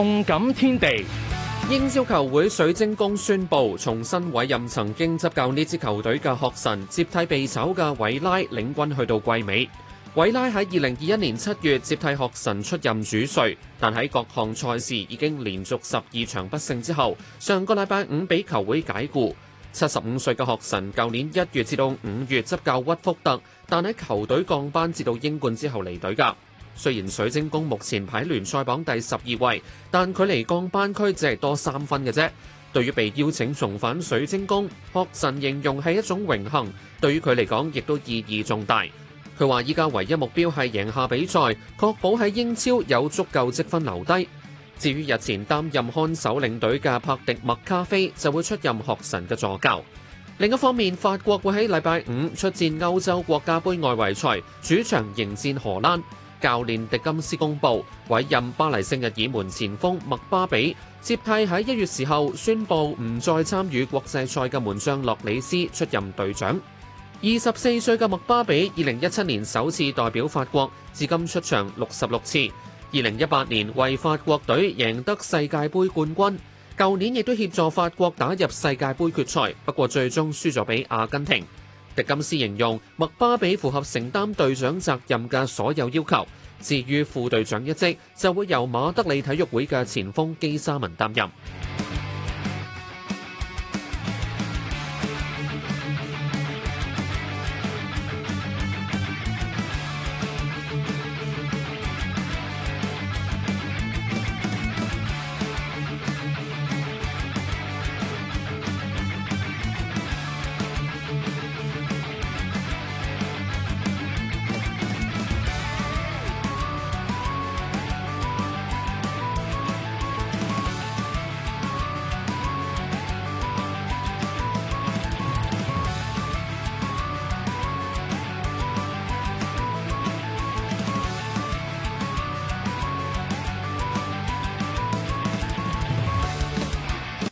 動感天地，英超球會水晶宮宣布，重新委任曾經執教呢支球隊嘅鶴臣接替被炒嘅韋拉領軍去到季尾。韋拉喺二零二一年七月接替鶴臣出任主帥，但喺各項賽事已經連續十二場不勝之後，上個禮拜五俾球會解僱。七十五歲嘅鶴臣舊年一月至到五月執教屈福特，但喺球隊降班至到英冠之後離隊噶。雖然水晶宮目前排聯賽榜第十二位，但距離降班區只係多三分嘅啫。對於被邀請重返水晶宮，鶴臣形容係一種榮幸，對於佢嚟講亦都意義重大。佢話：依家唯一目標係贏下比賽，確保喺英超有足夠積分留低。至於日前擔任看守領隊嘅帕迪麥卡菲就會出任鶴臣嘅助教。另一方面，法國會喺禮拜五出戰歐洲國家杯外圍賽，主場迎戰荷蘭。教練迪金斯公布委任巴黎聖日耳門前鋒麥巴比接替喺一月時候宣布唔再參與國際賽嘅門將洛里斯出任隊長。二十四歲嘅麥巴比二零一七年首次代表法國，至今出場六十六次。二零一八年為法國隊贏得世界杯冠軍，舊年亦都協助法國打入世界杯決賽，不過最終輸咗俾阿根廷。迪金斯形容，麥巴比符合承擔隊長責任嘅所有要求，至於副隊長一職就會由馬德里體育會嘅前鋒基沙文擔任。